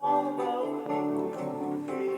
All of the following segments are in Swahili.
All oh, about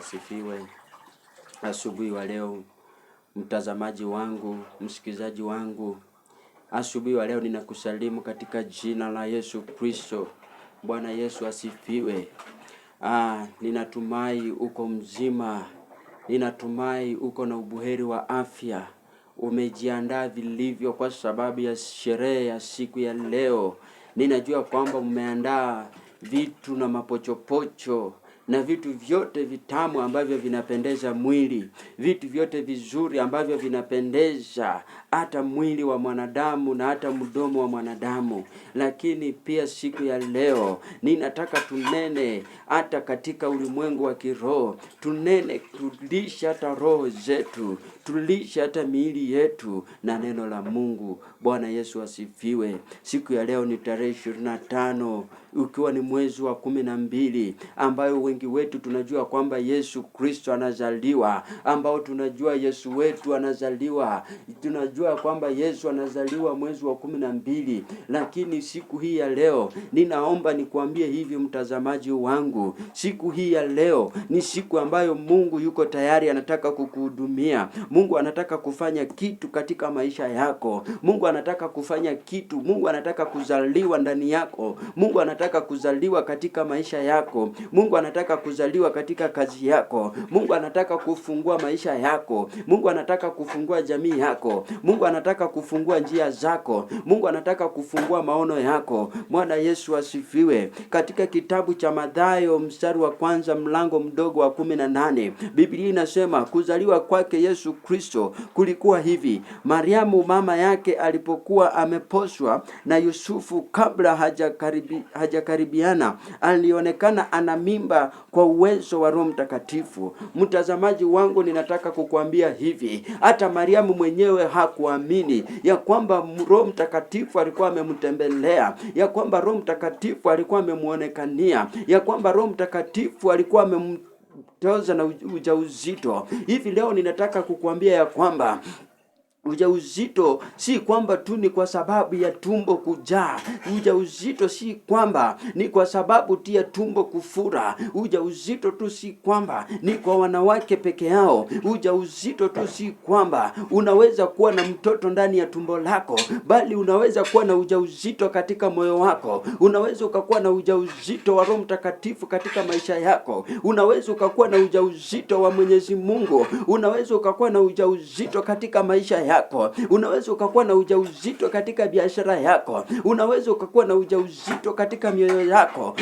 asifiwe. Asubuhi wa leo, mtazamaji wangu, msikilizaji wangu, asubuhi wa leo ninakusalimu katika jina la Yesu Kristo. Bwana Yesu asifiwe. Ah, ninatumai uko mzima, ninatumai uko na ubuheri wa afya, umejiandaa vilivyo kwa sababu ya sherehe ya siku ya leo. Ninajua kwamba umeandaa vitu na mapochopocho na vitu vyote vitamu ambavyo vinapendeza mwili, vitu vyote vizuri ambavyo vinapendeza hata mwili wa mwanadamu na hata mdomo wa mwanadamu. Lakini pia siku ya leo ninataka tunene hata katika ulimwengu wa kiroho, tunene, tulishe hata roho zetu, tulishe hata miili yetu na neno la Mungu. Bwana Yesu asifiwe. Siku ya leo ni tarehe ishirini na tano ukiwa ni mwezi wa kumi na mbili ambayo wengi wetu tunajua kwamba Yesu Kristo anazaliwa, ambao tunajua Yesu wetu anazaliwa, tunajua nilijua kwamba Yesu anazaliwa mwezi wa kumi na mbili, lakini siku hii ya leo ninaomba nikuambie hivi mtazamaji wangu, siku hii ya leo ni siku ambayo Mungu yuko tayari, anataka kukuhudumia. Mungu anataka kufanya kitu katika maisha yako. Mungu anataka kufanya kitu. Mungu anataka kuzaliwa ndani yako. Mungu anataka kuzaliwa katika maisha yako. Mungu anataka kuzaliwa katika kazi yako. Mungu anataka kufungua maisha yako. Mungu anataka kufungua jamii yako. Mungu Mungu anataka kufungua njia zako. Mungu anataka kufungua maono yako. Bwana Yesu asifiwe. Katika kitabu cha Mathayo mstari wa kwanza mlango mdogo wa kumi na nane Biblia inasema kuzaliwa kwake Yesu Kristo kulikuwa hivi: Mariamu mama yake alipokuwa ameposwa na Yusufu, kabla hajakaribi, hajakaribiana, alionekana ana mimba kwa uwezo wa Roho Mtakatifu. Mtazamaji wangu, ninataka kukuambia hivi, hata Mariamu mwenyewe haku kuamini ya kwamba Roho Mtakatifu alikuwa amemtembelea, ya kwamba Roho Mtakatifu alikuwa amemwonekania, ya kwamba Roho Mtakatifu alikuwa amemtoza na ujauzito. Hivi leo ninataka kukuambia ya kwamba Ujauzito si kwamba tu ni kwa sababu ya tumbo kujaa. Ujauzito si kwamba ni kwa sababu tu ya tumbo kufura. Ujauzito tu si kwamba ni kwa wanawake peke yao. Ujauzito tu si kwamba unaweza kuwa na mtoto ndani ya tumbo lako, bali unaweza kuwa na ujauzito katika moyo wako. Unaweza ukakuwa na ujauzito wa Roho Mtakatifu katika maisha yako. Unaweza ukakuwa na ujauzito wa Mwenyezi Mungu. Unaweza ukakuwa na ujauzito katika maisha yako yako, unaweza ukakuwa na ujauzito katika biashara yako, unaweza ukakuwa na ujauzito katika mioyo yako.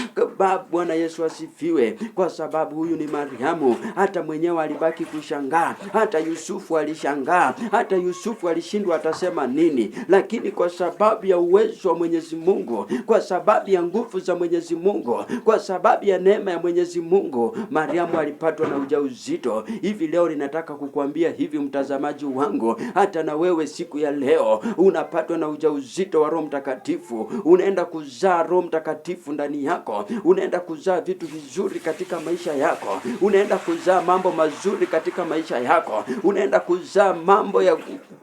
Bwana Yesu asifiwe, kwa sababu huyu ni Mariamu. Hata mwenyewe alibaki kushangaa, hata Yusufu alishangaa, hata Yusufu alishindwa atasema nini, lakini kwa sababu ya uwezo wa Mwenyezi Mungu, kwa sababu ya nguvu za Mwenyezi Mungu, kwa sababu ya neema ya Mwenyezi Mungu, Mariamu alipatwa na ujauzito. Hivi leo ninataka kukuambia hivi, mtazamaji wangu, hata hata na wewe siku ya leo unapatwa na ujauzito wa Roho Mtakatifu, unaenda kuzaa Roho Mtakatifu ndani yako, unaenda kuzaa vitu vizuri katika maisha yako, unaenda kuzaa mambo mazuri katika maisha yako, unaenda kuzaa mambo ya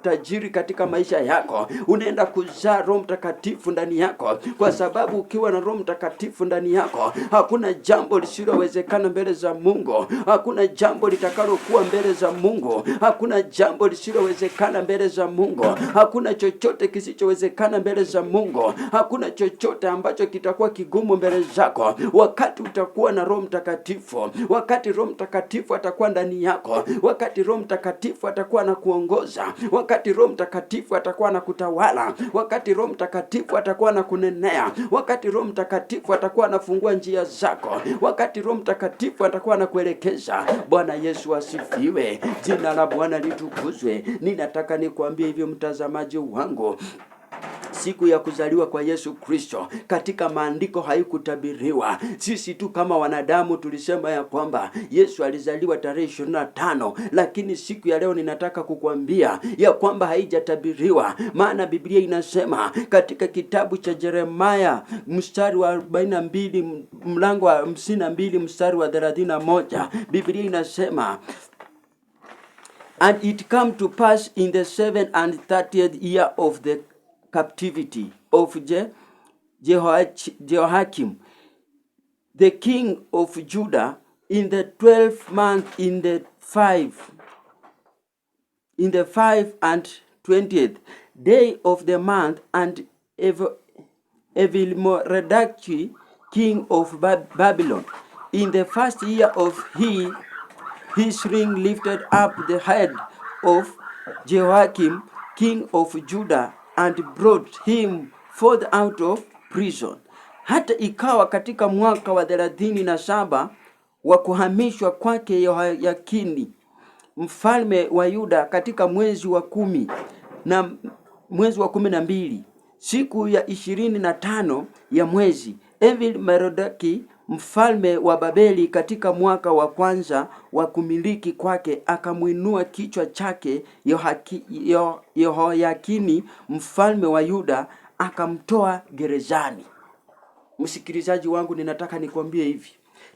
tajiri katika maisha yako, unaenda kuzaa Roho Mtakatifu ndani yako, kwa sababu ukiwa na Roho Mtakatifu ndani yako hakuna jambo lisilowezekana mbele za Mungu, hakuna jambo litakalokuwa mbele za Mungu, hakuna jambo lisilowezekana mbele za Mungu. Hakuna chochote kisichowezekana mbele za Mungu. Hakuna chochote ambacho kitakuwa kigumu mbele zako. Wakati utakuwa na Roho Mtakatifu, wakati Roho Mtakatifu atakuwa ndani yako, wakati Roho Mtakatifu atakuwa anakuongoza, wakati Roho Mtakatifu atakuwa anakutawala, wakati Roho Mtakatifu atakuwa anakunenea, wakati Roho Mtakatifu atakuwa anafungua njia zako, wakati Roho Mtakatifu atakuwa anakuelekeza. Bwana Yesu asifiwe, jina la Bwana litukuzwe. Ninataka nataka nikuambie hivyo mtazamaji wangu siku ya kuzaliwa kwa Yesu Kristo katika maandiko haikutabiriwa. Sisi tu kama wanadamu tulisema ya kwamba Yesu alizaliwa tarehe ishirini na tano, lakini siku ya leo ninataka kukuambia ya kwamba haijatabiriwa, maana Biblia inasema katika kitabu cha jeremaya mstari wa 42 mlango wa 52 mstari wa 31 Biblia inasema And it came to pass in the seventh and thirtieth year of the captivity of Je- Jehoiakim, the king of Judah, in the twelfth month, in the five, in the five and twentieth day of the month, and Ev- Evilmerodach, king of Babylon, in the first year of he His ring lifted up the head of Jehoiakim, king of Juda, and brought him forth out of prison. Hata ikawa katika mwaka wa thelathini na saba wa kuhamishwa kwake Yehoyakini mfalme wa Yuda, katika mwezi wa kumi na mwezi wa kumi na mbili siku ya ishirini na tano ya mwezi Evil Merodaki mfalme wa Babeli katika mwaka wa kwanza wa kumiliki kwake, akamwinua kichwa chake Yehoyakini mfalme wa Yuda, akamtoa gerezani. Msikilizaji wangu, ninataka nikwambie hivi,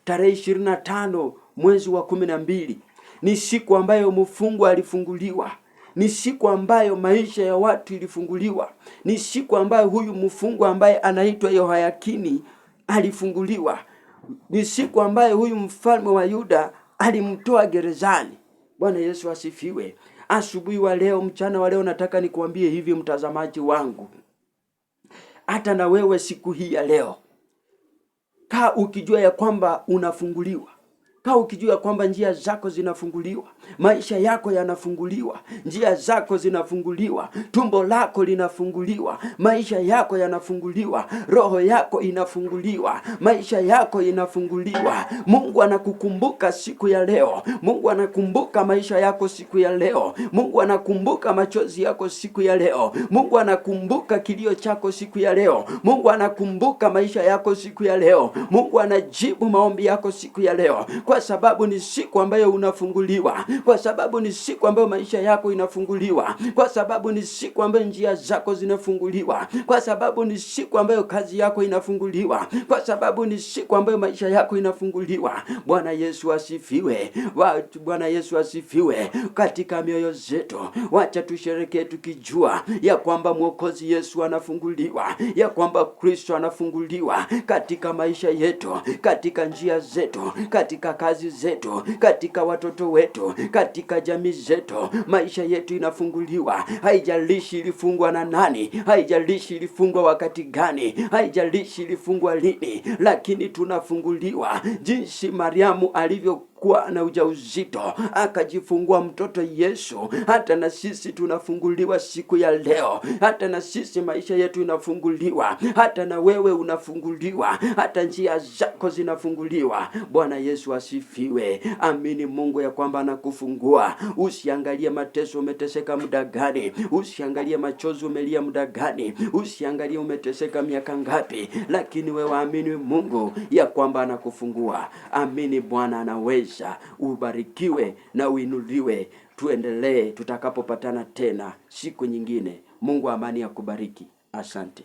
tarehe ishirini na tano mwezi wa kumi na mbili ni siku ambayo mfungwa alifunguliwa ni siku ambayo maisha ya watu ilifunguliwa. Ni siku ambayo huyu mfungwa ambaye anaitwa Yehoyakini alifunguliwa ni siku ambaye huyu mfalme wa Yuda alimtoa gerezani. Bwana Yesu asifiwe. Asubuhi wa leo, mchana wa leo, nataka nikuambie hivi mtazamaji wangu, hata na wewe siku hii ya leo, kaa ukijua ya kwamba unafunguliwa Kaa ukijua kwamba njia zako zinafunguliwa, maisha yako yanafunguliwa, njia zako zinafunguliwa, tumbo lako linafunguliwa, maisha yako yanafunguliwa, roho yako inafunguliwa, maisha yako inafunguliwa. Mungu anakukumbuka siku ya leo. Mungu anakumbuka maisha yako siku ya leo. Mungu anakumbuka machozi yako siku ya leo. Mungu anakumbuka kilio chako siku ya leo. Mungu anakumbuka maisha yako siku ya leo. Mungu anajibu maombi yako siku ya leo kwa sababu ni siku ambayo unafunguliwa, kwa sababu ni siku ambayo maisha yako inafunguliwa, kwa sababu ni siku ambayo njia zako zinafunguliwa, kwa sababu ni siku ambayo kazi yako inafunguliwa, kwa sababu ni siku ambayo maisha yako inafunguliwa. Bwana Yesu asifiwe, watu. Bwana Yesu asifiwe. Katika mioyo zetu, wacha tusherekee tukijua ya kwamba mwokozi Yesu anafunguliwa, ya kwamba Kristo anafunguliwa katika maisha yetu, katika njia zetu, katika kazi zetu, katika watoto wetu, katika jamii zetu. Maisha yetu inafunguliwa, haijalishi ilifungwa na nani, haijalishi ilifungwa wakati gani, haijalishi ilifungwa lini, lakini tunafunguliwa jinsi Mariamu alivyo kuwa na ujauzito akajifungua mtoto Yesu. Hata na sisi tunafunguliwa siku ya leo, hata na sisi maisha yetu inafunguliwa, hata na wewe unafunguliwa, hata njia zako zinafunguliwa. Bwana Yesu asifiwe. Amini Mungu ya kwamba anakufungua. Usiangalie mateso, umeteseka muda gani? Usiangalie machozi, umelia muda gani? Usiangalie umeteseka miaka ngapi, lakini wewe amini Mungu ya kwamba anakufungua. Amini Bwana anaweza maisha, ubarikiwe na uinuliwe. Tuendelee tutakapopatana tena siku nyingine. Mungu wa amani akubariki. Asante.